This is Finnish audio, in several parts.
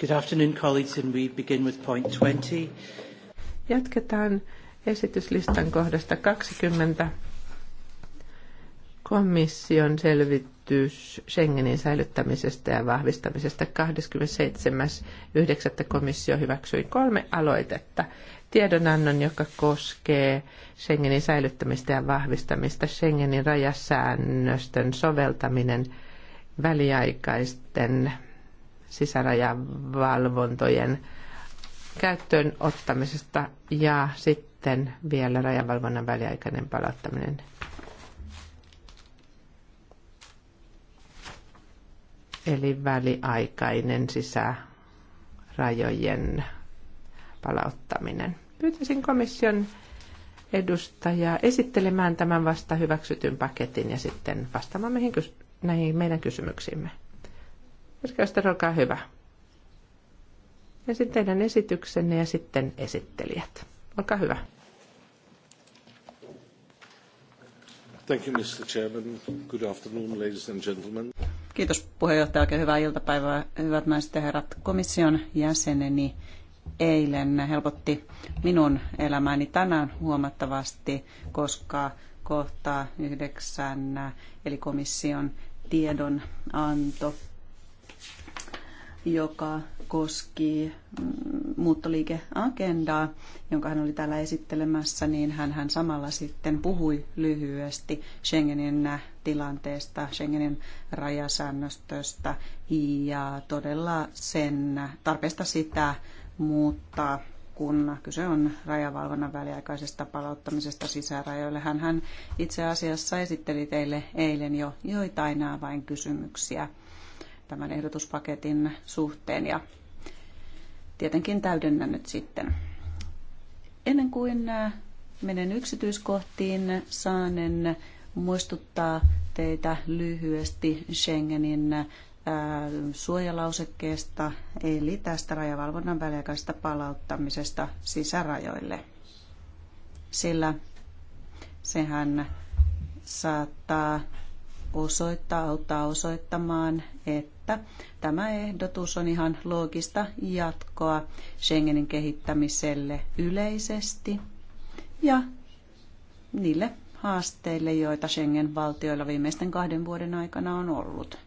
Good afternoon, colleagues, and we begin with point 20. Jatketaan esityslistan kohdasta 20. Komission selvitys Schengenin säilyttämisestä ja vahvistamisesta 27.9. komissio hyväksyi kolme aloitetta. Tiedonannon, joka koskee Schengenin säilyttämistä ja vahvistamista, Schengenin rajasäännöstön soveltaminen, väliaikaisten sisärajavalvontojen käyttöön ottamisesta ja sitten vielä rajavalvonnan väliaikainen palauttaminen. Eli väliaikainen sisärajojen palauttaminen. Pyytäisin komission edustajaa esittelemään tämän vasta hyväksytyn paketin ja sitten vastaamaan näihin meidän kysymyksiimme. Virkaista, olkaa hyvä. Ja sitten teidän esityksenne ja sitten esittelijät. Olkaa hyvä. Thank you, Mr. Chairman. Good afternoon, ladies and gentlemen. Kiitos puheenjohtaja. Oikein hyvää iltapäivää, hyvät naiset ja herrat. Komission jäseneni eilen helpotti minun elämäni tänään huomattavasti, koska kohtaa yhdeksän, eli komission tiedonanto joka koski mm, muuttoliikeagendaa, jonka hän oli täällä esittelemässä, niin hän, hän samalla sitten puhui lyhyesti Schengenin tilanteesta, Schengenin rajasäännöstöstä ja todella sen tarpeesta sitä muuttaa kun kyse on rajavalvonnan väliaikaisesta palauttamisesta sisärajoille. Hän, hän itse asiassa esitteli teille eilen jo joitain vain kysymyksiä tämän ehdotuspaketin suhteen ja tietenkin täydennän nyt sitten. Ennen kuin äh, menen yksityiskohtiin, saanen muistuttaa teitä lyhyesti Schengenin äh, suojalausekkeesta, eli tästä rajavalvonnan väliaikaisesta palauttamisesta sisärajoille. Sillä sehän saattaa osoittaa, auttaa osoittamaan, että tämä ehdotus on ihan loogista jatkoa Schengenin kehittämiselle yleisesti ja niille haasteille, joita Schengen-valtioilla viimeisten kahden vuoden aikana on ollut.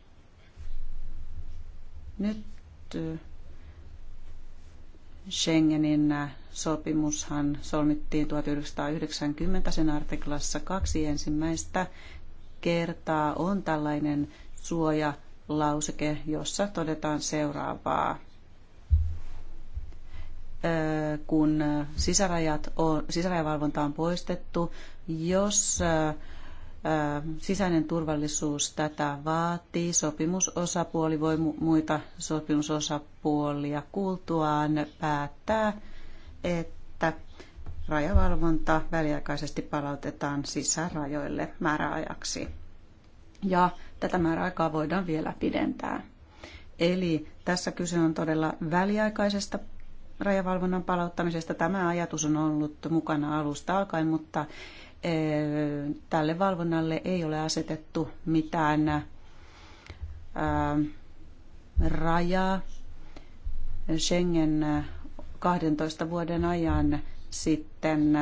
Nyt eh, Schengenin eh, sopimushan solmittiin 1990 sen artiklassa kaksi ensimmäistä kertaa on tällainen suojalauseke, jossa todetaan seuraavaa. Kun sisärajat on, sisärajavalvonta on poistettu, jos sisäinen turvallisuus tätä vaatii. Sopimusosapuoli voi muita sopimusosapuolia kuultuaan päättää, että rajavalvonta väliaikaisesti palautetaan sisärajoille määräajaksi. Ja tätä määräaikaa voidaan vielä pidentää. Eli tässä kyse on todella väliaikaisesta rajavalvonnan palauttamisesta. Tämä ajatus on ollut mukana alusta alkaen, mutta eh, tälle valvonnalle ei ole asetettu mitään eh, rajaa. Schengen 12 eh, vuoden ajan sitten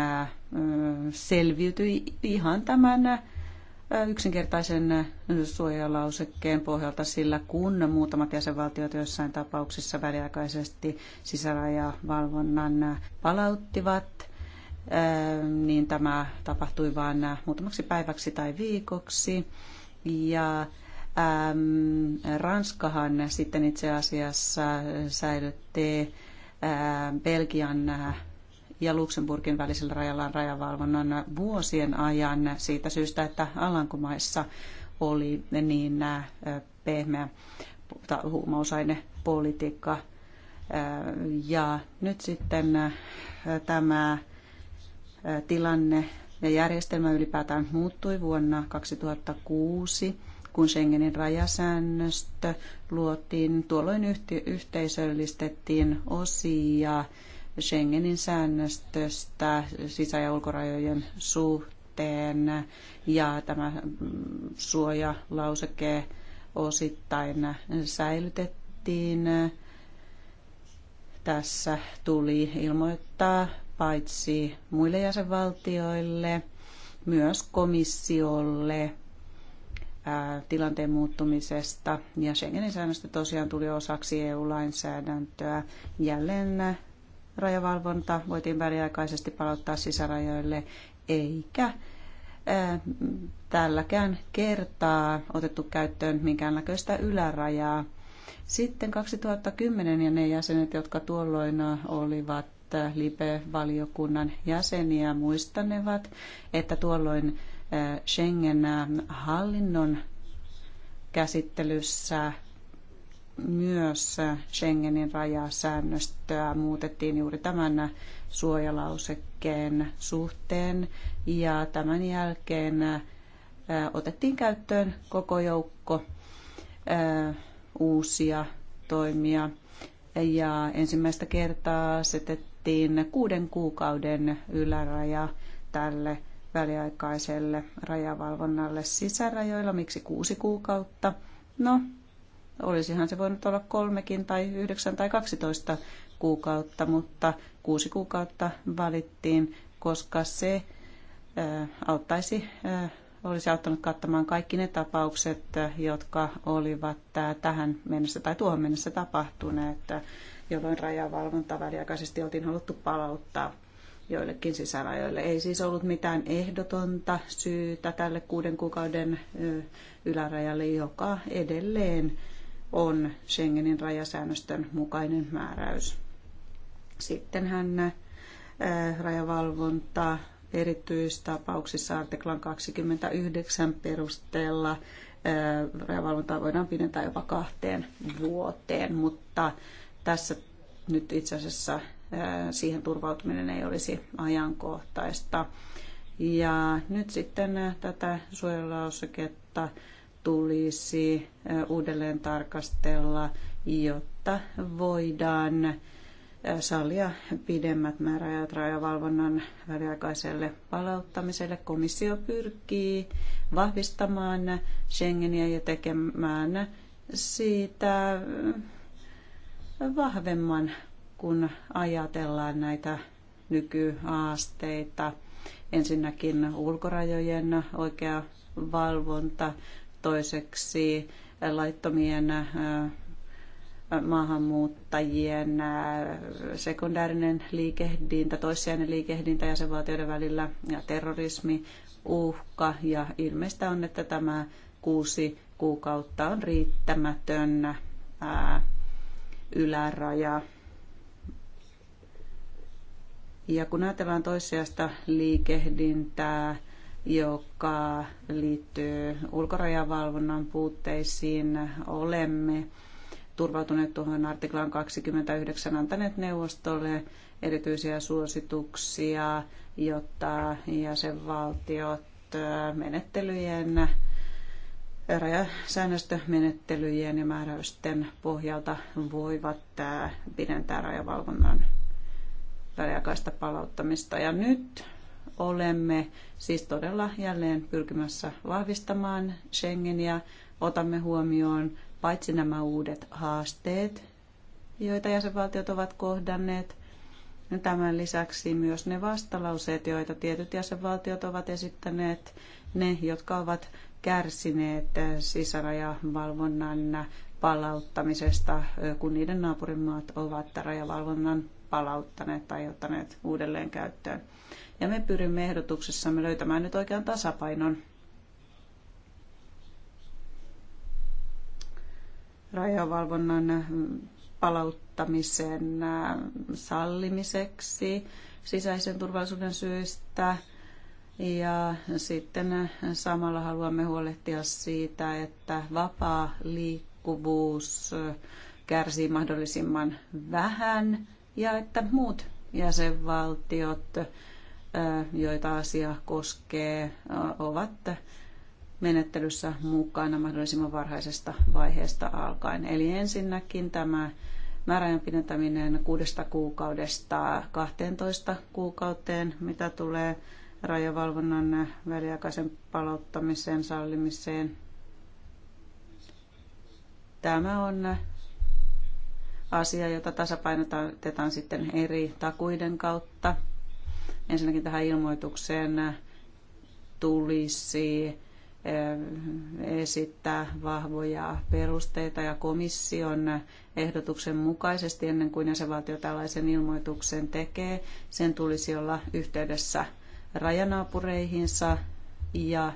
selviytyi ihan tämän yksinkertaisen suojalausekkeen pohjalta, sillä kun muutamat jäsenvaltiot joissain tapauksissa väliaikaisesti sisärajavalvonnan palauttivat, niin tämä tapahtui vain muutamaksi päiväksi tai viikoksi. Ja Ranskahan sitten itse asiassa säilytti Belgian ja Luxemburgin välisellä rajalla on rajavalvonnan vuosien ajan siitä syystä, että Alankomaissa oli niin äh, pehmeä huumausainepolitiikka. Äh, ja nyt sitten äh, tämä tilanne ja järjestelmä ylipäätään muuttui vuonna 2006, kun Schengenin rajasäännöstö luotiin. Tuolloin yhteisöllistettiin osia Schengenin säännöstöstä sisä- ja ulkorajojen suhteen ja tämä mm, suojalauseke osittain säilytettiin. Tässä tuli ilmoittaa paitsi muille jäsenvaltioille, myös komissiolle tilanteen muuttumisesta. Ja Schengenin säännöstö tosiaan tuli osaksi EU-lainsäädäntöä. Jälleen rajavalvonta voitiin väliaikaisesti palauttaa sisärajoille, eikä tälläkään kertaa otettu käyttöön minkäännäköistä ylärajaa. Sitten 2010 ja ne jäsenet, jotka tuolloin olivat LIBE-valiokunnan jäseniä, muistanevat, että tuolloin Schengen-hallinnon käsittelyssä myös Schengenin rajasäännöstöä muutettiin juuri tämän suojalausekkeen suhteen ja tämän jälkeen otettiin käyttöön koko joukko uusia toimia ja ensimmäistä kertaa asetettiin kuuden kuukauden yläraja tälle väliaikaiselle rajavalvonnalle sisärajoilla. Miksi kuusi kuukautta? No, Olisihan se voinut olla kolmekin tai yhdeksän tai kaksitoista kuukautta, mutta kuusi kuukautta valittiin, koska se auttaisi, olisi auttanut kattamaan kaikki ne tapaukset, jotka olivat tähän mennessä tai tuohon mennessä tapahtuneet, jolloin rajavalvonta väliaikaisesti oltiin haluttu palauttaa joillekin sisärajoille. Ei siis ollut mitään ehdotonta syytä tälle kuuden kuukauden ylärajalle, joka edelleen on Schengenin rajasäännöstön mukainen määräys. Sitten hän äh, rajavalvonta erityistapauksissa artiklan 29 perusteella äh, rajavalvontaa voidaan pidentää jopa kahteen vuoteen, mutta tässä nyt itse asiassa äh, siihen turvautuminen ei olisi ajankohtaista. Ja nyt sitten tätä suojelulauseketta tulisi uudelleen tarkastella, jotta voidaan sallia pidemmät määräajat rajavalvonnan väliaikaiselle palauttamiselle. Komissio pyrkii vahvistamaan Schengeniä ja tekemään siitä vahvemman, kun ajatellaan näitä nykyhaasteita. Ensinnäkin ulkorajojen oikea valvonta, Toiseksi laittomien äh, maahanmuuttajien äh, sekundäärinen liikehdintä, toissijainen liikehdintä jäsenvaltioiden välillä ja terrorismi, uhka ja ilmeistä on, että tämä kuusi kuukautta on riittämätön ää, äh, yläraja. Ja kun ajatellaan toissijaista liikehdintää, joka liittyy ulkorajavalvonnan puutteisiin. Olemme turvautuneet tuohon artiklaan 29 antaneet neuvostolle erityisiä suosituksia, jotta jäsenvaltiot äh, menettelyjen rajasäännöstömenettelyjen ja määräysten pohjalta voivat äh, pidentää rajavalvonnan väliaikaista palauttamista. Ja nyt olemme siis todella jälleen pyrkimässä vahvistamaan Schengeniä. Otamme huomioon paitsi nämä uudet haasteet, joita jäsenvaltiot ovat kohdanneet, Tämän lisäksi myös ne vastalauseet, joita tietyt jäsenvaltiot ovat esittäneet, ne, jotka ovat kärsineet sisärajavalvonnan palauttamisesta, kun niiden naapurimaat ovat rajavalvonnan palauttaneet tai ottaneet uudelleen käyttöön. Ja me pyrimme ehdotuksessamme löytämään nyt oikean tasapainon rajavalvonnan palauttamisen äh, sallimiseksi sisäisen turvallisuuden syistä. Ja sitten äh, samalla haluamme huolehtia siitä, että vapaa liikkuvuus äh, kärsii mahdollisimman vähän ja että muut jäsenvaltiot joita asia koskee, ovat menettelyssä mukana mahdollisimman varhaisesta vaiheesta alkaen. Eli ensinnäkin tämä määräajan pidentäminen kuudesta kuukaudesta 12 kuukauteen, mitä tulee rajavalvonnan väliaikaisen palauttamiseen, sallimiseen. Tämä on asia, jota tasapainotetaan sitten eri takuiden kautta – Ensinnäkin tähän ilmoitukseen tulisi eh, esittää vahvoja perusteita ja komission ehdotuksen mukaisesti ennen kuin jäsenvaltio tällaisen ilmoituksen tekee. Sen tulisi olla yhteydessä rajanaapureihinsa ja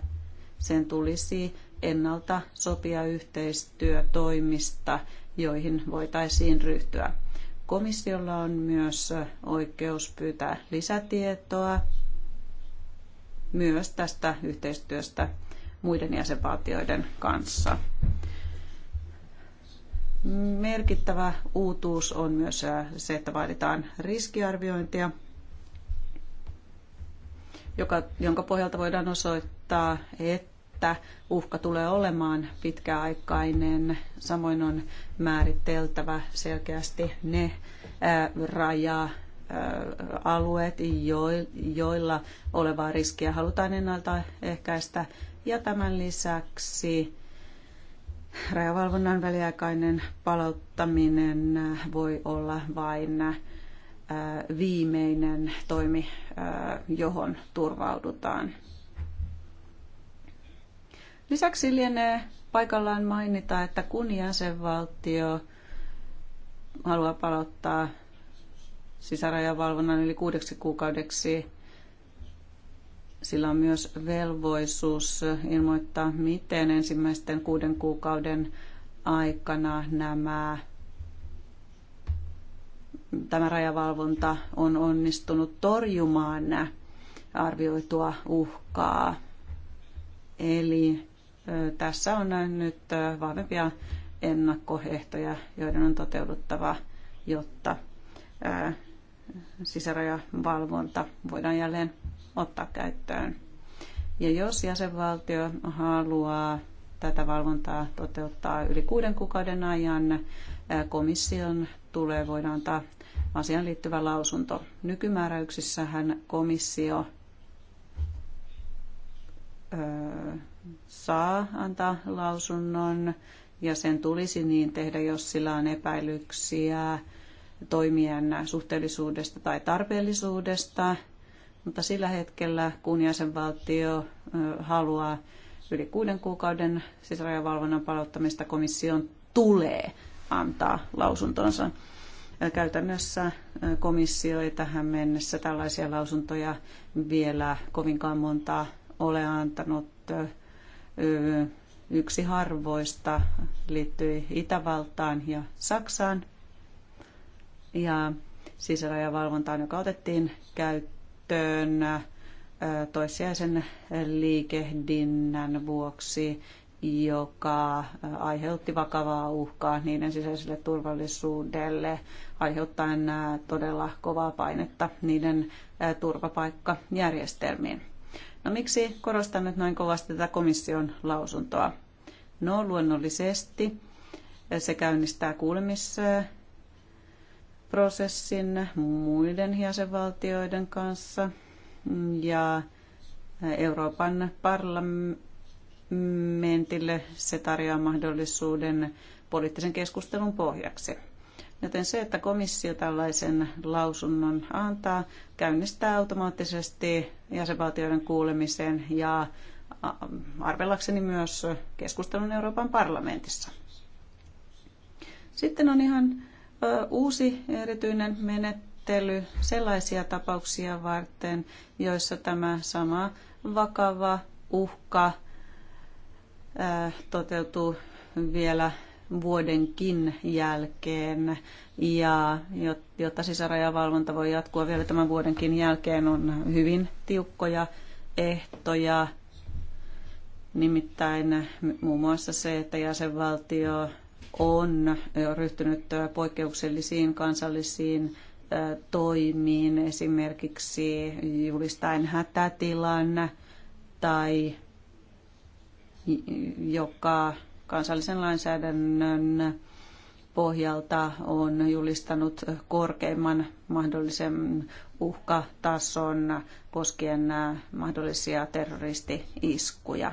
sen tulisi ennalta sopia yhteistyötoimista, joihin voitaisiin ryhtyä. Komissiolla on myös oikeus pyytää lisätietoa myös tästä yhteistyöstä muiden jäsenvaltioiden kanssa. Merkittävä uutuus on myös se, että vaaditaan riskiarviointia, joka, jonka pohjalta voidaan osoittaa, että että uhka tulee olemaan pitkäaikainen. Samoin on määriteltävä selkeästi ne raja alueet, joilla olevaa riskiä halutaan ennaltaehkäistä. Ja tämän lisäksi rajavalvonnan väliaikainen palauttaminen voi olla vain viimeinen toimi, johon turvaudutaan. Lisäksi lienee paikallaan mainita, että kun jäsenvaltio haluaa palauttaa sisärajavalvonnan yli kuudeksi kuukaudeksi, sillä on myös velvoisuus ilmoittaa, miten ensimmäisten kuuden kuukauden aikana nämä, tämä rajavalvonta on onnistunut torjumaan arvioitua uhkaa. Eli tässä on nyt vahvempia ennakkoehtoja, joiden on toteuduttava, jotta sisärajavalvonta voidaan jälleen ottaa käyttöön. Ja jos jäsenvaltio haluaa tätä valvontaa toteuttaa yli kuuden kuukauden ajan, komission tulee voida antaa asiaan liittyvä lausunto. Nykymääräyksissähän komissio saa antaa lausunnon ja sen tulisi niin tehdä, jos sillä on epäilyksiä toimien suhteellisuudesta tai tarpeellisuudesta. Mutta sillä hetkellä, kun jäsenvaltio haluaa yli kuuden kuukauden sisärajavalvonnan palauttamista, komission tulee antaa lausuntonsa. Käytännössä komissio ei tähän mennessä tällaisia lausuntoja vielä kovinkaan montaa ole antanut. Yksi harvoista liittyi Itävaltaan ja Saksaan ja sisärajavalvontaan, joka otettiin käyttöön toissijaisen liikehdinnän vuoksi, joka aiheutti vakavaa uhkaa niiden sisäiselle turvallisuudelle, aiheuttaen todella kovaa painetta niiden turvapaikkajärjestelmiin. No miksi korostan nyt noin kovasti tätä komission lausuntoa? No luonnollisesti se käynnistää kuulemisprosessin muiden jäsenvaltioiden kanssa ja Euroopan parlamentille se tarjoaa mahdollisuuden poliittisen keskustelun pohjaksi. Joten se, että komissio tällaisen lausunnon antaa, käynnistää automaattisesti jäsenvaltioiden kuulemisen ja arvellakseni myös keskustelun Euroopan parlamentissa. Sitten on ihan uusi erityinen menettely sellaisia tapauksia varten, joissa tämä sama vakava uhka toteutuu vielä vuodenkin jälkeen. Ja jotta sisärajavalvonta voi jatkua vielä tämän vuodenkin jälkeen, on hyvin tiukkoja ehtoja. Nimittäin muun muassa se, että jäsenvaltio on ryhtynyt poikkeuksellisiin kansallisiin toimiin, esimerkiksi julistaen hätätilan tai joka kansallisen lainsäädännön pohjalta on julistanut korkeimman mahdollisen uhkatason koskien mahdollisia terroristi-iskuja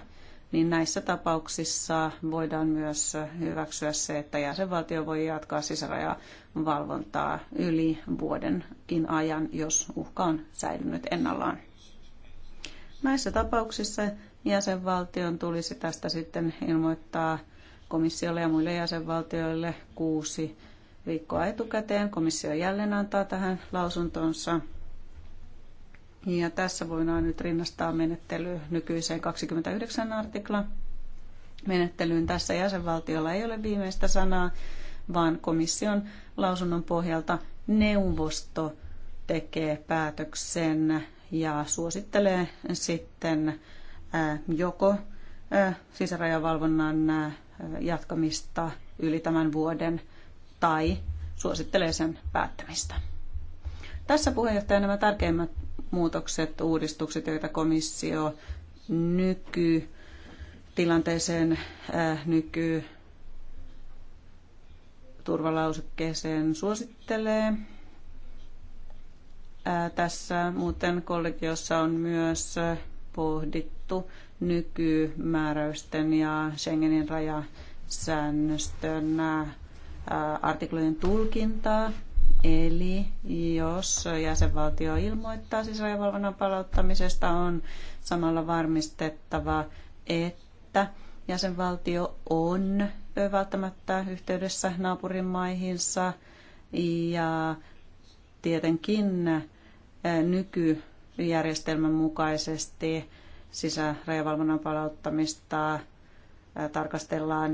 niin näissä tapauksissa voidaan myös hyväksyä se, että jäsenvaltio voi jatkaa sisärajavalvontaa yli vuodenkin ajan, jos uhka on säilynyt ennallaan. Näissä tapauksissa jäsenvaltion tulisi tästä sitten ilmoittaa komissiolle ja muille jäsenvaltioille kuusi viikkoa etukäteen. Komissio jälleen antaa tähän lausuntonsa. Ja tässä voidaan nyt rinnastaa menettely nykyiseen 29 artikla menettelyyn. Tässä jäsenvaltiolla ei ole viimeistä sanaa, vaan komission lausunnon pohjalta neuvosto tekee päätöksen ja suosittelee sitten joko sisärajavalvonnan jatkamista yli tämän vuoden tai suosittelee sen päättämistä. Tässä puheenjohtaja nämä tärkeimmät muutokset, uudistukset, joita komissio nykytilanteeseen, nyky turvalausekkeeseen suosittelee. Tässä muuten kollegiossa on myös pohdittu perusteltu nykymääräysten ja Schengenin rajasäännöstön artiklojen tulkintaa. Eli jos jäsenvaltio ilmoittaa siis rajavalvonnan palauttamisesta, on samalla varmistettava, että jäsenvaltio on välttämättä yhteydessä naapurimaihinsa ja tietenkin nykyjärjestelmän mukaisesti sisärajavalvonnan palauttamista tarkastellaan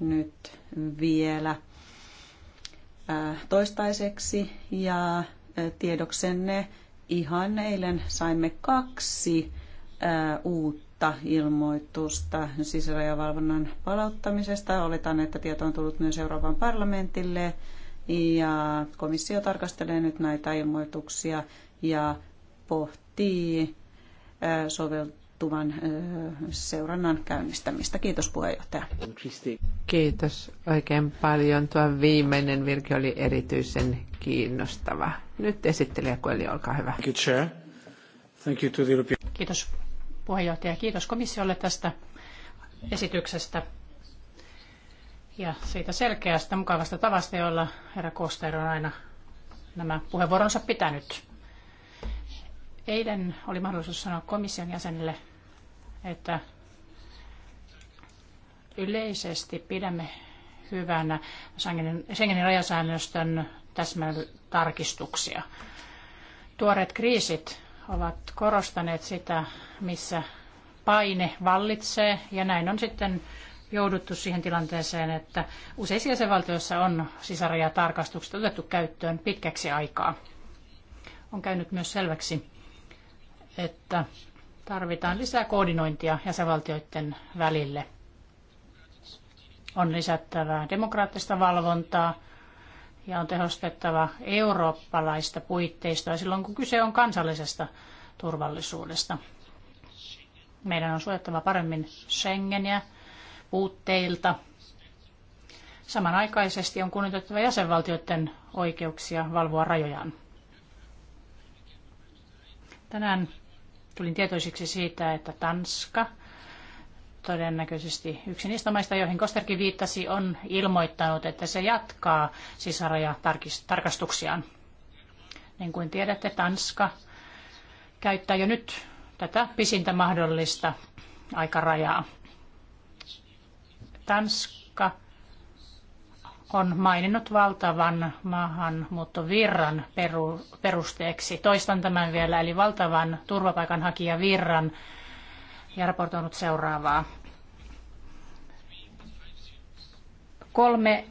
nyt vielä toistaiseksi ja tiedoksenne ihan eilen saimme kaksi uutta ilmoitusta sisärajavalvonnan palauttamisesta. Oletan, että tieto on tullut myös Euroopan parlamentille ja komissio tarkastelee nyt näitä ilmoituksia ja pohtii sovel tapahtuvan seurannan käynnistämistä. Kiitos puheenjohtaja. Kiitos oikein paljon. Tuo viimeinen virke oli erityisen kiinnostava. Nyt esittelijä Koeli, olkaa hyvä. Kiitos puheenjohtaja. Kiitos komissiolle tästä esityksestä ja siitä selkeästä, mukavasta tavasta, jolla herra Koster on aina nämä puheenvuoronsa pitänyt. Eilen oli mahdollisuus sanoa komission jäsenille, että yleisesti pidämme hyvänä Schengenin, rajasäännöstön täsmätarkistuksia. Tuoreet kriisit ovat korostaneet sitä, missä paine vallitsee, ja näin on sitten jouduttu siihen tilanteeseen, että useissa jäsenvaltioissa on sisärajatarkastukset otettu käyttöön pitkäksi aikaa. On käynyt myös selväksi, että tarvitaan lisää koordinointia jäsenvaltioiden välille. On lisättävä demokraattista valvontaa ja on tehostettava eurooppalaista puitteistoa silloin, kun kyse on kansallisesta turvallisuudesta. Meidän on suojattava paremmin Schengeniä puutteilta. Samanaikaisesti on kunnioitettava jäsenvaltioiden oikeuksia valvoa rajojaan. Tänään tulin tietoisiksi siitä, että Tanska, todennäköisesti yksi niistä maista, joihin Kosterkin viittasi, on ilmoittanut, että se jatkaa sisärajatarkastuksiaan. Niin kuin tiedätte, Tanska käyttää jo nyt tätä pisintä mahdollista aikarajaa. Tanska on maininnut valtavan maahanmuuttovirran perusteeksi. Toistan tämän vielä, eli valtavan turvapaikanhakijavirran ja raportoinut seuraavaa. Kolme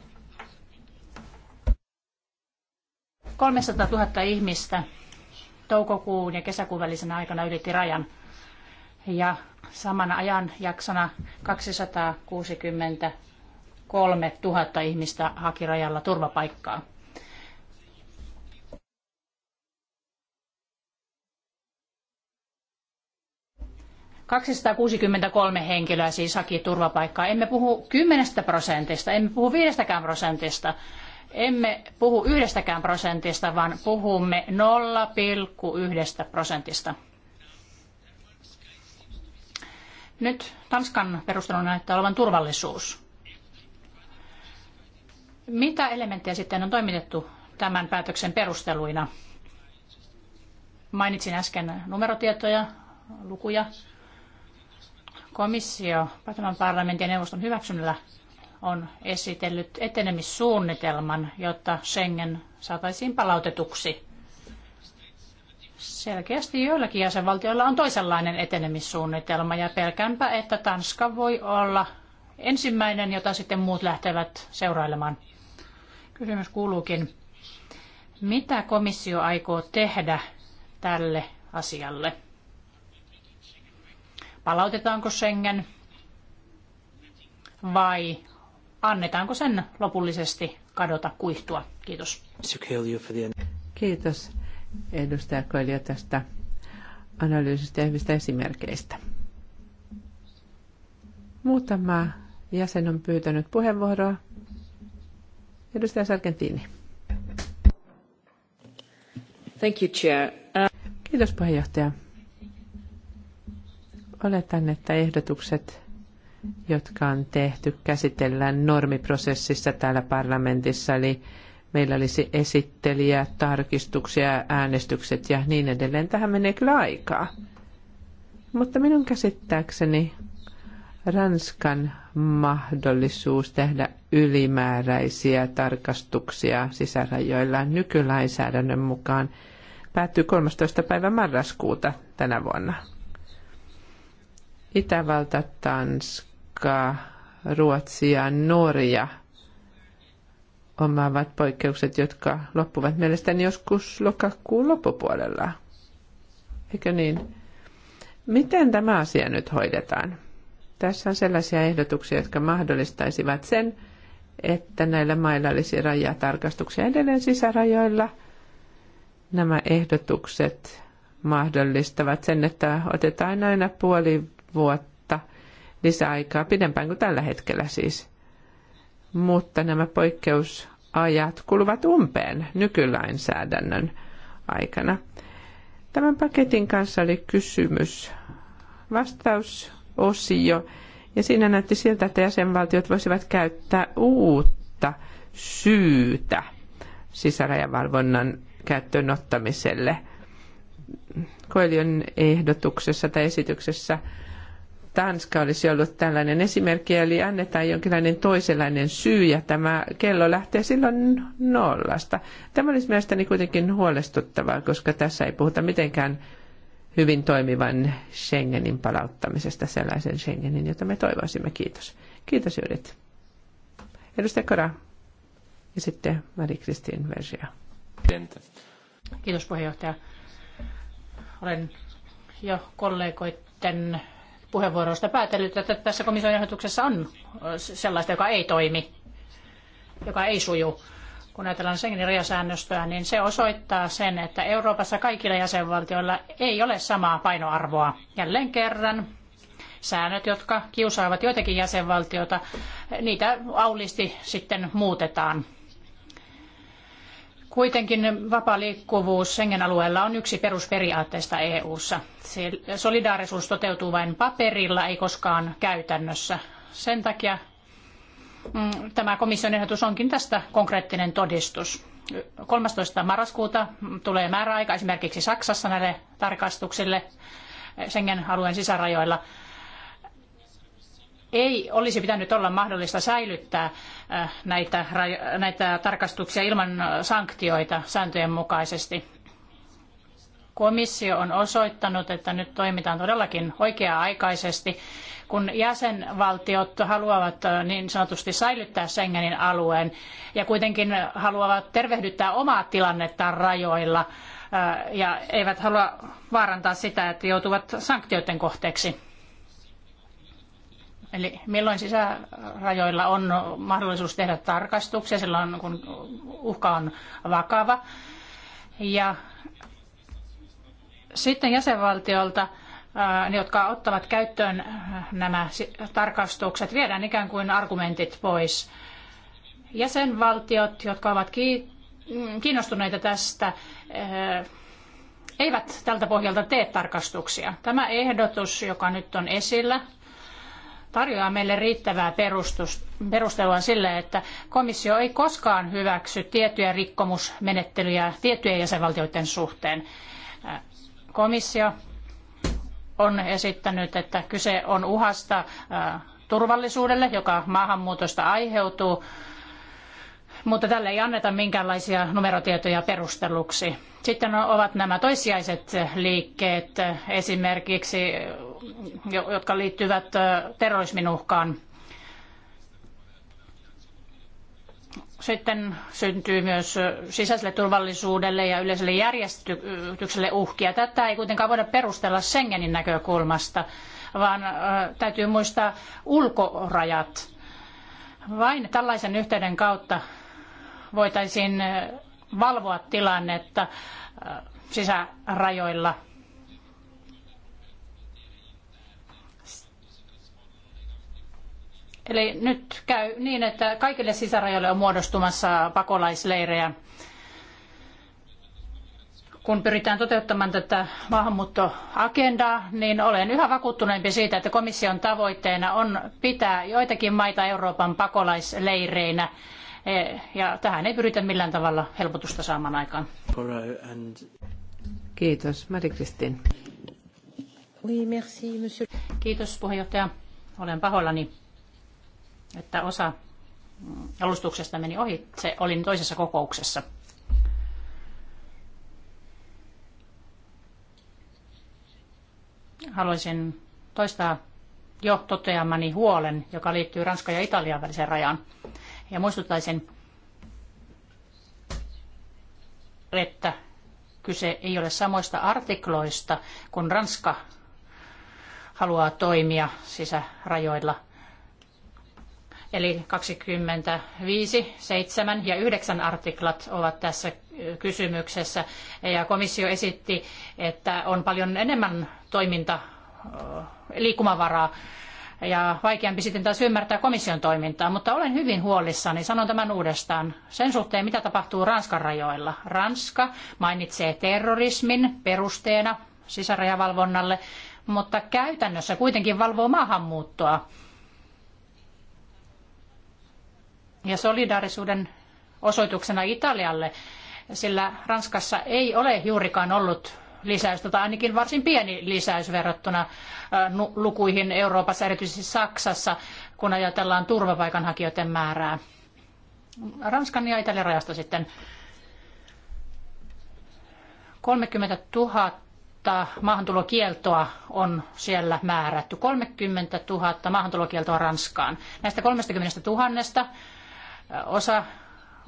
300 000 ihmistä toukokuun ja kesäkuun välisenä aikana ylitti rajan. Ja samana ajan jaksona 260 3000 ihmistä haki rajalla turvapaikkaa. ...263 henkilöä siis haki turvapaikkaa. Emme puhu 10 prosentista, emme puhu 5 prosentista, emme puhu yhdestäkään prosentista, vaan puhumme 0,1 prosentista. Nyt Tanskan perustelu näyttää olevan turvallisuus. Mitä elementtejä sitten on toimitettu tämän päätöksen perusteluina? Mainitsin äsken numerotietoja, lukuja. Komissio tämän parlamentin ja neuvoston hyväksynnällä on esitellyt etenemissuunnitelman, jotta Schengen saataisiin palautetuksi. Selkeästi joillakin jäsenvaltioilla on toisenlainen etenemissuunnitelma ja pelkäänpä, että Tanska voi olla ensimmäinen, jota sitten muut lähtevät seurailemaan. Kysymys kuuluukin, mitä komissio aikoo tehdä tälle asialle? Palautetaanko Schengen vai annetaanko sen lopullisesti kadota kuihtua? Kiitos. Kiitos edustaja Koilio tästä analyysistä ja hyvistä esimerkkeistä. Muutama jäsen on pyytänyt puheenvuoroa. Edustaja Sargentini. Thank you, Chair. Uh... Kiitos puheenjohtaja. Oletan, että ehdotukset, jotka on tehty, käsitellään normiprosessissa täällä parlamentissa, eli meillä olisi esittelijä, tarkistuksia, äänestykset ja niin edelleen. Tähän menee kyllä aikaa. Mutta minun käsittääkseni Ranskan mahdollisuus tehdä ylimääräisiä tarkastuksia sisärajoillaan nykylainsäädännön mukaan päättyy 13. päivä marraskuuta tänä vuonna. Itävalta, Tanska, Ruotsi ja Norja omaavat poikkeukset, jotka loppuvat mielestäni joskus lokakuun loppupuolella. Eikö niin? Miten tämä asia nyt hoidetaan? Tässä on sellaisia ehdotuksia, jotka mahdollistaisivat sen, että näillä mailla olisi rajatarkastuksia edelleen sisärajoilla. Nämä ehdotukset mahdollistavat sen, että otetaan aina puoli vuotta lisäaikaa, pidempään kuin tällä hetkellä siis. Mutta nämä poikkeusajat kuluvat umpeen nykylainsäädännön aikana. Tämän paketin kanssa oli kysymys. Vastaus osio. Ja siinä näytti siltä, että jäsenvaltiot voisivat käyttää uutta syytä sisärajavalvonnan käyttöön ottamiselle. Koelion ehdotuksessa tai esityksessä Tanska olisi ollut tällainen esimerkki, eli annetaan jonkinlainen toisenlainen syy ja tämä kello lähtee silloin nollasta. Tämä olisi mielestäni kuitenkin huolestuttavaa, koska tässä ei puhuta mitenkään hyvin toimivan Schengenin palauttamisesta sellaisen Schengenin, jota me toivoisimme. Kiitos. Kiitos Judith. Edustaja Kora ja sitten marie kristin Versia. Kiitos puheenjohtaja. Olen jo kollegoiden puheenvuoroista päätellyt, että tässä komission ehdotuksessa on sellaista, joka ei toimi, joka ei suju kun ajatellaan Schengenin rajasäännöstöä, niin se osoittaa sen, että Euroopassa kaikilla jäsenvaltioilla ei ole samaa painoarvoa. Jälleen kerran säännöt, jotka kiusaavat joitakin jäsenvaltioita, niitä aulisti sitten muutetaan. Kuitenkin vapaa liikkuvuus Schengen-alueella on yksi perusperiaatteista EU:ssa. Solidaarisuus toteutuu vain paperilla, ei koskaan käytännössä. Sen takia Mm, tämä komission ehdotus onkin tästä konkreettinen todistus. 13. marraskuuta tulee määräaika esimerkiksi Saksassa näille tarkastuksille Schengen-alueen sisärajoilla. Ei olisi pitänyt olla mahdollista säilyttää äh, näitä, näitä tarkastuksia ilman sanktioita sääntöjen mukaisesti komissio on osoittanut, että nyt toimitaan todellakin oikea-aikaisesti. Kun jäsenvaltiot haluavat niin sanotusti säilyttää Schengenin alueen ja kuitenkin haluavat tervehdyttää omaa tilannettaan rajoilla ja eivät halua vaarantaa sitä, että joutuvat sanktioiden kohteeksi. Eli milloin sisärajoilla on mahdollisuus tehdä tarkastuksia silloin, kun uhka on vakava. Ja sitten jäsenvaltiolta, jotka ottavat käyttöön nämä tarkastukset, viedään ikään kuin argumentit pois. Jäsenvaltiot, jotka ovat mm, kiinnostuneita tästä, eivät tältä pohjalta tee tarkastuksia. Tämä ehdotus, joka nyt on esillä, tarjoaa meille riittävää perustelua sille, että komissio ei koskaan hyväksy tiettyjä rikkomusmenettelyjä tiettyjen jäsenvaltioiden suhteen. Komissio on esittänyt, että kyse on uhasta äh, turvallisuudelle, joka maahanmuutosta aiheutuu, mutta tälle ei anneta minkäänlaisia numerotietoja perusteluksi. Sitten ovat nämä toissijaiset liikkeet esimerkiksi, jotka liittyvät äh, terrorismin uhkaan Sitten syntyy myös sisäiselle turvallisuudelle ja yleiselle järjestykselle uhkia. Tätä ei kuitenkaan voida perustella Schengenin näkökulmasta, vaan täytyy muistaa ulkorajat. Vain tällaisen yhteyden kautta voitaisiin valvoa tilannetta sisärajoilla – Eli nyt käy niin, että kaikille sisärajoille on muodostumassa pakolaisleirejä. Kun pyritään toteuttamaan tätä maahanmuuttoagendaa, niin olen yhä vakuuttuneempi siitä, että komission tavoitteena on pitää joitakin maita Euroopan pakolaisleireinä. E, ja tähän ei pyritä millään tavalla helpotusta saamaan aikaan. Kiitos. Mari-Kristin. Kiitos puheenjohtaja. Olen pahoillani että osa mm, alustuksesta meni ohi. Se oli toisessa kokouksessa. Haluaisin toistaa jo toteamani huolen, joka liittyy Ranskan ja Italian väliseen rajaan. Ja muistuttaisin, että kyse ei ole samoista artikloista, kun Ranska haluaa toimia sisärajoilla. Eli 25, 7 ja 9 artiklat ovat tässä kysymyksessä. Ja komissio esitti, että on paljon enemmän toiminta liikkumavaraa ja vaikeampi sitten taas ymmärtää komission toimintaa, mutta olen hyvin huolissani, sanon tämän uudestaan, sen suhteen mitä tapahtuu Ranskan rajoilla. Ranska mainitsee terrorismin perusteena sisärajavalvonnalle, mutta käytännössä kuitenkin valvoo maahanmuuttoa ja solidaarisuuden osoituksena Italialle, sillä Ranskassa ei ole juurikaan ollut lisäystä, tai ainakin varsin pieni lisäys verrattuna lukuihin Euroopassa, erityisesti Saksassa, kun ajatellaan turvapaikanhakijoiden määrää. Ranskan ja Italian rajasta sitten 30 000 maahantulokieltoa on siellä määrätty. 30 000 maahantulokieltoa Ranskaan. Näistä 30 000 Osa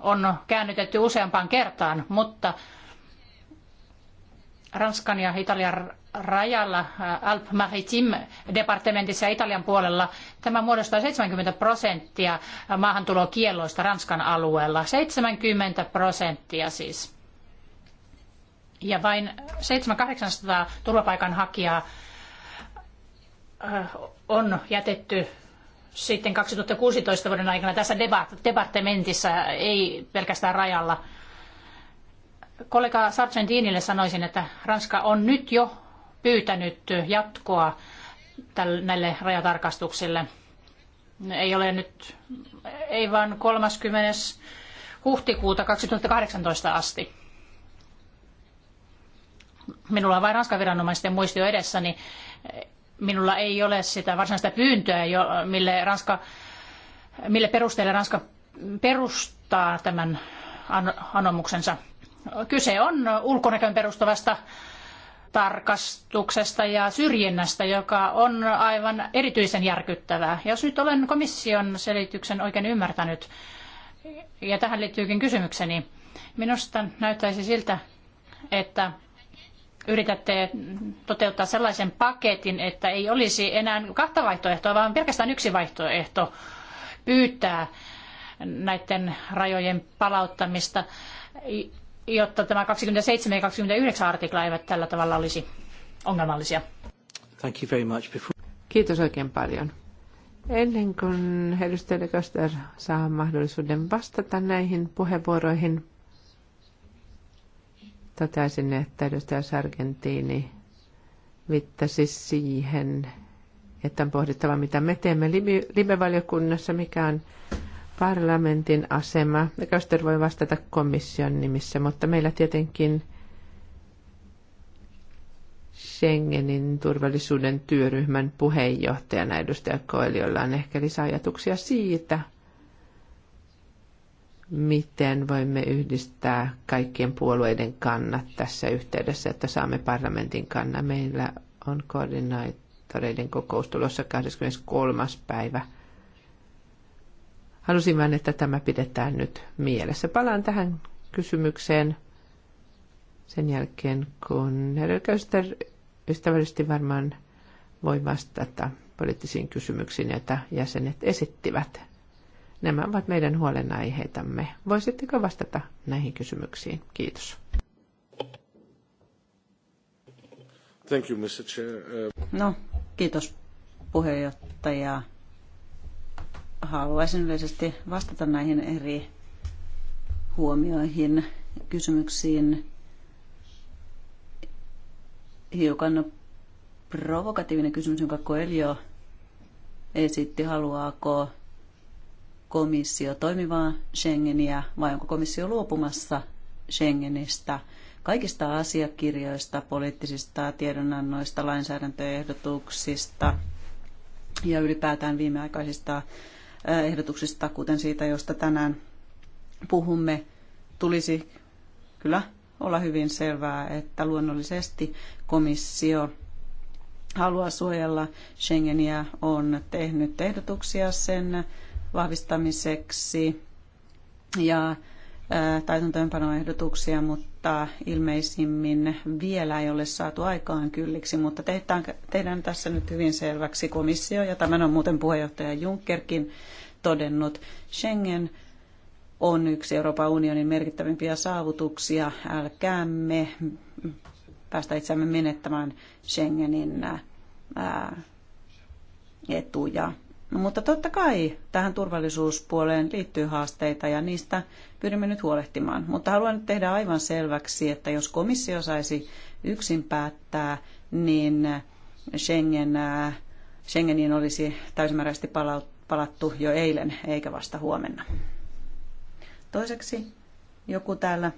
on käännytetty useampaan kertaan, mutta Ranskan ja Italian rajalla äh, Alp-Maritim-departementissa ja Italian puolella tämä muodostaa 70 prosenttia maahantulokielloista Ranskan alueella. 70 prosenttia siis. Ja vain 700-800 turvapaikanhakijaa äh, on jätetty sitten 2016 vuoden aikana tässä departementissa, ei pelkästään rajalla. Kollega Sargentinille sanoisin, että Ranska on nyt jo pyytänyt jatkoa tälle, näille rajatarkastuksille. Ei ole nyt, ei vaan 30. huhtikuuta 2018 asti. Minulla on vain Ranskan viranomaisten muistio edessäni. Niin Minulla ei ole sitä varsinaista pyyntöä, jo, mille, Ranska, mille perusteella Ranska perustaa tämän anomuksensa. Kyse on ulkonäköön perustuvasta tarkastuksesta ja syrjinnästä, joka on aivan erityisen järkyttävää. Jos nyt olen komission selityksen oikein ymmärtänyt, ja tähän liittyykin kysymykseni, minusta näyttäisi siltä, että yritätte toteuttaa sellaisen paketin, että ei olisi enää kahta vaihtoehtoa, vaan pelkästään yksi vaihtoehto pyytää näiden rajojen palauttamista, jotta tämä 27 ja 29 artikla eivät tällä tavalla olisi ongelmallisia. Thank you very much. Before... Kiitos oikein paljon. Ennen kuin edustaja Koster saa mahdollisuuden vastata näihin puheenvuoroihin, totesin, että edustaja Sargentini vittasi siihen, että on pohdittava, mitä me teemme live-valiokunnassa, mikä on parlamentin asema. Köster voi vastata komission nimissä, mutta meillä tietenkin Schengenin turvallisuuden työryhmän puheenjohtajana edustaja Koeliolla on ehkä lisäajatuksia siitä – miten voimme yhdistää kaikkien puolueiden kannat tässä yhteydessä, että saamme parlamentin kannan. Meillä on koordinaattoreiden kokous tulossa 23. päivä. Halusin vain, että tämä pidetään nyt mielessä. Palaan tähän kysymykseen sen jälkeen, kun herra ystävällisesti varmaan voi vastata poliittisiin kysymyksiin, joita jäsenet esittivät – Nämä ovat meidän huolenaiheitamme. Voisitteko vastata näihin kysymyksiin? Kiitos. Thank you, Mr. Chair. No, kiitos puheenjohtaja. Haluaisin yleisesti vastata näihin eri huomioihin, kysymyksiin. Hiukan provokatiivinen kysymys, jonka Koelio esitti, haluaako komissio toimivaa Schengeniä vai onko komissio luopumassa Schengenistä? Kaikista asiakirjoista, poliittisista tiedonannoista, lainsäädäntöehdotuksista ja ylipäätään viimeaikaisista äh, ehdotuksista, kuten siitä, josta tänään puhumme, tulisi kyllä olla hyvin selvää, että luonnollisesti komissio haluaa suojella Schengeniä, on tehnyt ehdotuksia sen vahvistamiseksi ja täytäntöönpanoehdotuksia, mutta ilmeisimmin vielä ei ole saatu aikaan kylliksi, mutta tehdään, tehdään tässä nyt hyvin selväksi komissio, ja tämän on muuten puheenjohtaja Junckerkin todennut. Schengen on yksi Euroopan unionin merkittävimpiä saavutuksia. Älkäämme päästä itseämme menettämään Schengenin etuja. No, mutta totta kai tähän turvallisuuspuoleen liittyy haasteita ja niistä pyrimme nyt huolehtimaan. Mutta haluan nyt tehdä aivan selväksi, että jos komissio saisi yksin päättää, niin Schengen, äh, Schengeniin olisi täysimääräisesti palattu jo eilen eikä vasta huomenna. Toiseksi joku täällä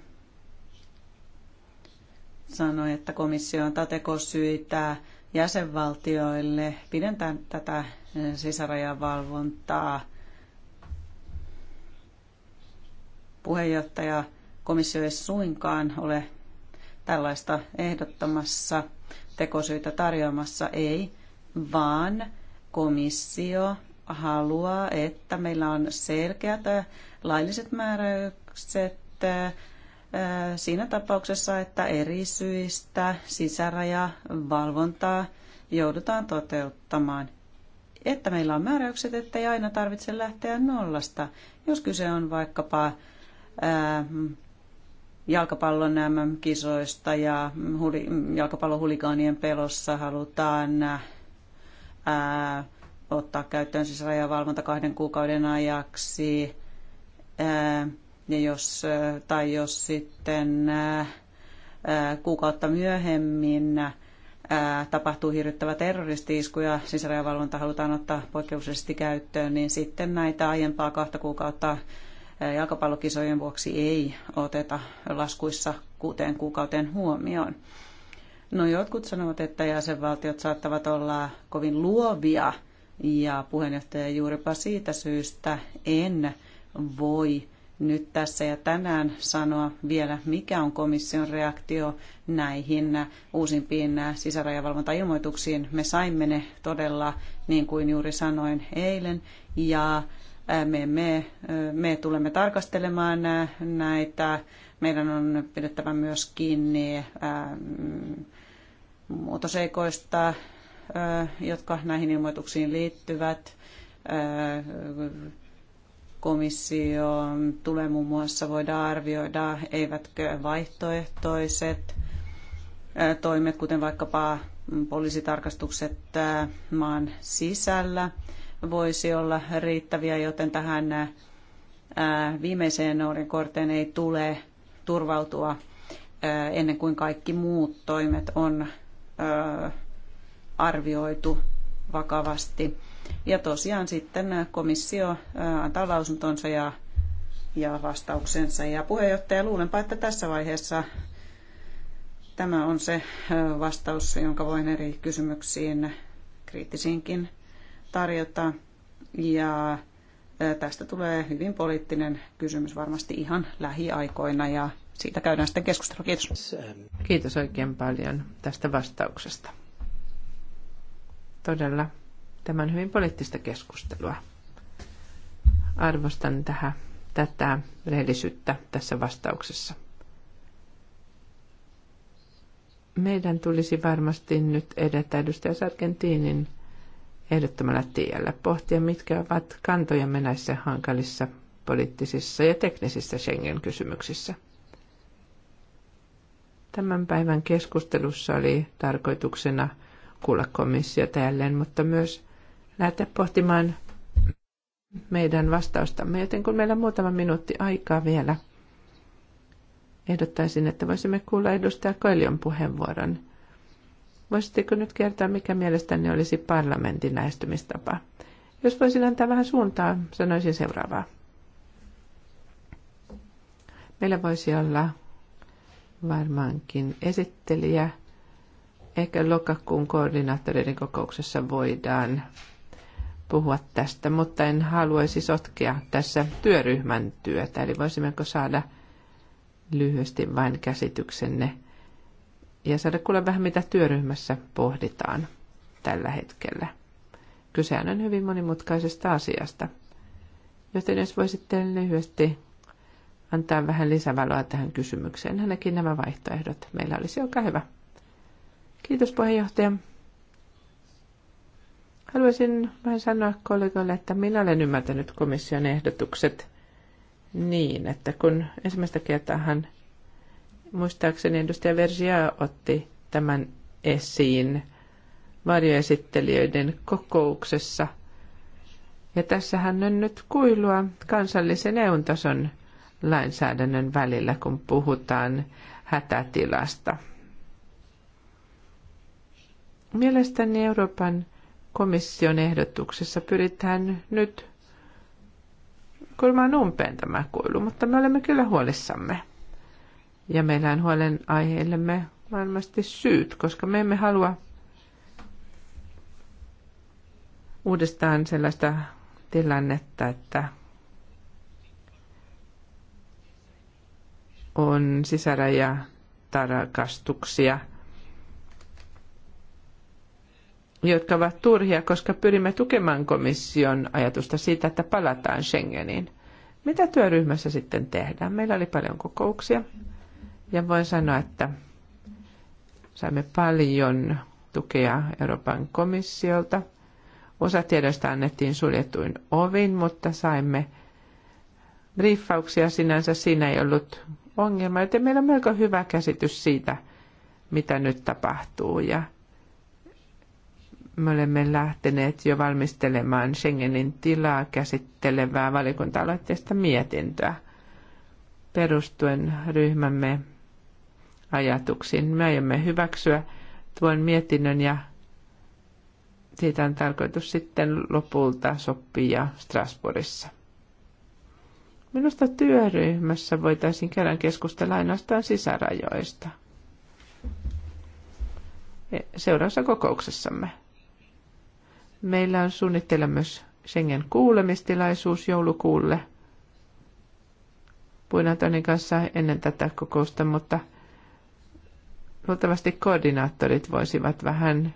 sanoi, että komissio on tatekosyitä jäsenvaltioille pidentää tätä eh, sisärajavalvontaa. Puheenjohtaja komissio ei suinkaan ole tällaista ehdottamassa, tekosyitä tarjoamassa, ei, vaan komissio haluaa, että meillä on selkeät eh, lailliset määräykset eh, siinä tapauksessa, että eri syistä valvontaa joudutaan toteuttamaan. Että meillä on määräykset, että ei aina tarvitse lähteä nollasta. Jos kyse on vaikkapa ää, jalkapallon MM-kisoista ja huli, jalkapallohuligaanien pelossa halutaan ää, ottaa käyttöön sisärajavalvonta kahden kuukauden ajaksi. Ää, ja jos, äh, tai jos sitten äh, äh, kuukautta myöhemmin tapahtuu hirvittävä terroristi-isku ja sisärajavalvonta halutaan ottaa poikkeuksellisesti käyttöön, niin sitten näitä aiempaa kahta kuukautta jalkapallokisojen vuoksi ei oteta laskuissa kuuteen kuukauteen huomioon. No jotkut sanovat, että jäsenvaltiot saattavat olla kovin luovia ja puheenjohtaja juuripa siitä syystä en voi nyt tässä ja tänään sanoa vielä, mikä on komission reaktio näihin uusimpiin sisärajavalvontailmoituksiin. Me saimme ne todella, niin kuin juuri sanoin eilen, ja me, me, me tulemme tarkastelemaan näitä. Meidän on pidettävä myös kiinni muutoseikoista, jotka näihin ilmoituksiin liittyvät Komissio tulee muun muassa voida arvioida, eivätkö vaihtoehtoiset toimet, kuten vaikkapa poliisitarkastukset maan sisällä, voisi olla riittäviä, joten tähän viimeiseen noudenkorteen ei tule turvautua ennen kuin kaikki muut toimet on arvioitu vakavasti. Ja tosiaan sitten komissio antaa lausuntonsa ja, ja vastauksensa. Ja puheenjohtaja, luulenpa, että tässä vaiheessa tämä on se vastaus, jonka voin eri kysymyksiin kriittisiinkin tarjota. Ja tästä tulee hyvin poliittinen kysymys varmasti ihan lähiaikoina ja siitä käydään sitten keskustelua. Kiitos. Kiitos oikein paljon tästä vastauksesta. Todella Tämä on hyvin poliittista keskustelua. Arvostan tähän, tätä rehellisyyttä tässä vastauksessa. Meidän tulisi varmasti nyt edetä edustaja Sargentinin ehdottomalla tiellä, pohtia mitkä ovat kantojamme näissä hankalissa poliittisissa ja teknisissä Schengen-kysymyksissä. Tämän päivän keskustelussa oli tarkoituksena kuulla komissiota jälleen, mutta myös lähteä pohtimaan meidän vastaustamme, joten kun meillä on muutama minuutti aikaa vielä, ehdottaisin, että voisimme kuulla edustaja Koelion puheenvuoron. Voisitteko nyt kertoa, mikä mielestäni olisi parlamentin lähestymistapa? Jos voisin antaa vähän suuntaa, sanoisin seuraavaa. Meillä voisi olla varmaankin esittelijä. Ehkä lokakuun koordinaattoreiden kokouksessa voidaan puhua tästä, mutta en haluaisi sotkea tässä työryhmän työtä. Eli voisimmeko saada lyhyesti vain käsityksenne ja saada kuulla vähän, mitä työryhmässä pohditaan tällä hetkellä. Kysehän on hyvin monimutkaisesta asiasta. Joten jos voisitte lyhyesti antaa vähän lisävaloa tähän kysymykseen, ainakin nämä vaihtoehdot meillä olisi, olkaa hyvä. Kiitos puheenjohtaja. Haluaisin vain sanoa kollegoille, että minä olen ymmärtänyt komission ehdotukset niin, että kun ensimmäistä kertaa hän, muistaakseni edustaja Vergia otti tämän esiin varjoesittelijöiden kokouksessa. Ja tässähän on nyt kuilua kansallisen EU-tason lainsäädännön välillä, kun puhutaan hätätilasta. Mielestäni Euroopan komission ehdotuksessa pyritään nyt kulmaan umpeen tämä kuilu, mutta me olemme kyllä huolissamme. Ja meillä on huolen aiheillemme varmasti syyt, koska me emme halua uudestaan sellaista tilannetta, että on tarkastuksia. jotka ovat turhia, koska pyrimme tukemaan komission ajatusta siitä, että palataan Schengeniin. Mitä työryhmässä sitten tehdään? Meillä oli paljon kokouksia ja voin sanoa, että saimme paljon tukea Euroopan komissiolta. Osa tiedosta annettiin suljetuin ovin, mutta saimme briefauksia sinänsä. Siinä ei ollut ongelma, joten meillä on melko hyvä käsitys siitä, mitä nyt tapahtuu. Ja me olemme lähteneet jo valmistelemaan Schengenin tilaa käsittelevää valiokunta-aloitteesta mietintöä perustuen ryhmämme ajatuksiin. Me aiomme hyväksyä tuon mietinnön ja siitä on tarkoitus sitten lopulta sopia Strasbourgissa. Minusta työryhmässä voitaisiin kerran keskustella ainoastaan sisärajoista. E, seuraavassa kokouksessamme. Meillä on suunnitteilla myös Schengen kuulemistilaisuus joulukuulle. Puhuin Antonin kanssa ennen tätä kokousta, mutta luultavasti koordinaattorit voisivat vähän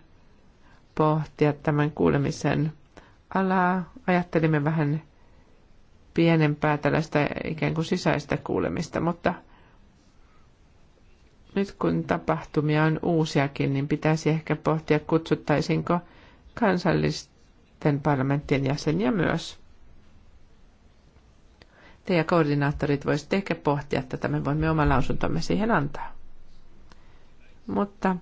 pohtia tämän kuulemisen alaa. Ajattelimme vähän pienempää tällaista ikään kuin sisäistä kuulemista, mutta nyt kun tapahtumia on uusiakin, niin pitäisi ehkä pohtia, kutsuttaisinko – kansallisten parlamenttien jäseniä myös. Te ja koordinaattorit voisivat ehkä pohtia tätä, me voimme oman lausuntomme siihen antaa. Mutta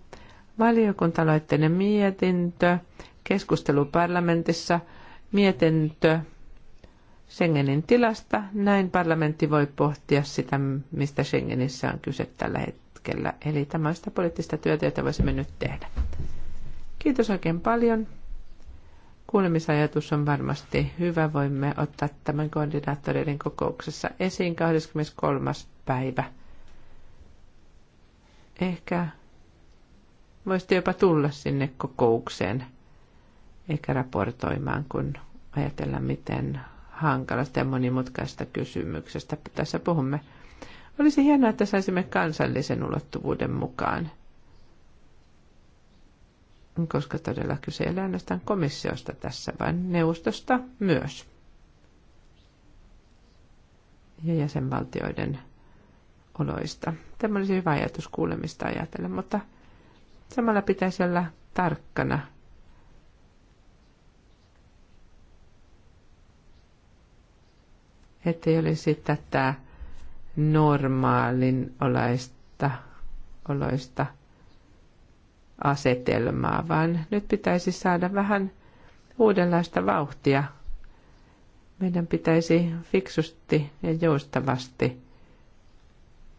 valiokuntaloitteinen mietintö, keskustelu parlamentissa, mietintö Schengenin tilasta. Näin parlamentti voi pohtia sitä, mistä Schengenissä on kyse tällä hetkellä. Eli tämä on sitä poliittista työtä, jota voisimme nyt tehdä. Kiitos oikein paljon. Kuulemisajatus on varmasti hyvä. Voimme ottaa tämän koordinaattoreiden kokouksessa esiin 23. päivä. Ehkä voisitte jopa tulla sinne kokoukseen, eikä raportoimaan, kun ajatellaan, miten hankalasta ja monimutkaista kysymyksestä tässä puhumme. Olisi hienoa, että saisimme kansallisen ulottuvuuden mukaan – koska todella kyse ei ainoastaan komissiosta tässä, vaan neuvostosta myös. Ja jäsenvaltioiden oloista. Tämä olisi hyvä ajatus kuulemista ajatellen, mutta samalla pitäisi olla tarkkana. Ettei olisi tätä normaalin oloista oloista – asetelmaa, vaan nyt pitäisi saada vähän uudenlaista vauhtia. Meidän pitäisi fiksusti ja joustavasti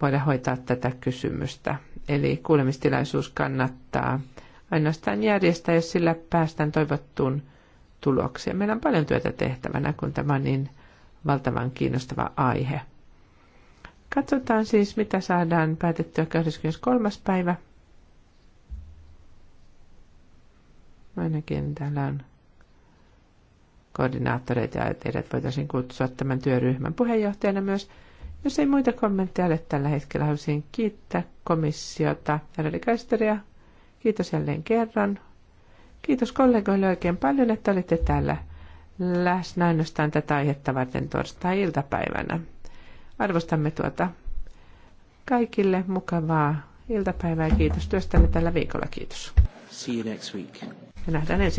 voida hoitaa tätä kysymystä. Eli kuulemistilaisuus kannattaa ainoastaan järjestää, jos sillä päästään toivottuun tulokseen. Meillä on paljon työtä tehtävänä, kun tämä on niin valtavan kiinnostava aihe. Katsotaan siis, mitä saadaan päätettyä 23. päivä Ainakin täällä on koordinaattoreita ja teidät voitaisiin kutsua tämän työryhmän puheenjohtajana myös. Jos ei muita kommentteja ole tällä hetkellä, haluaisin kiittää komissiota ja Kaisteria. Kiitos jälleen kerran. Kiitos kollegoille oikein paljon, että olitte täällä läsnä ainoastaan tätä aihetta varten torstai-iltapäivänä. Arvostamme tuota kaikille mukavaa iltapäivää. Kiitos työstänne tällä viikolla. Kiitos. See you next week. Me nähdään ensi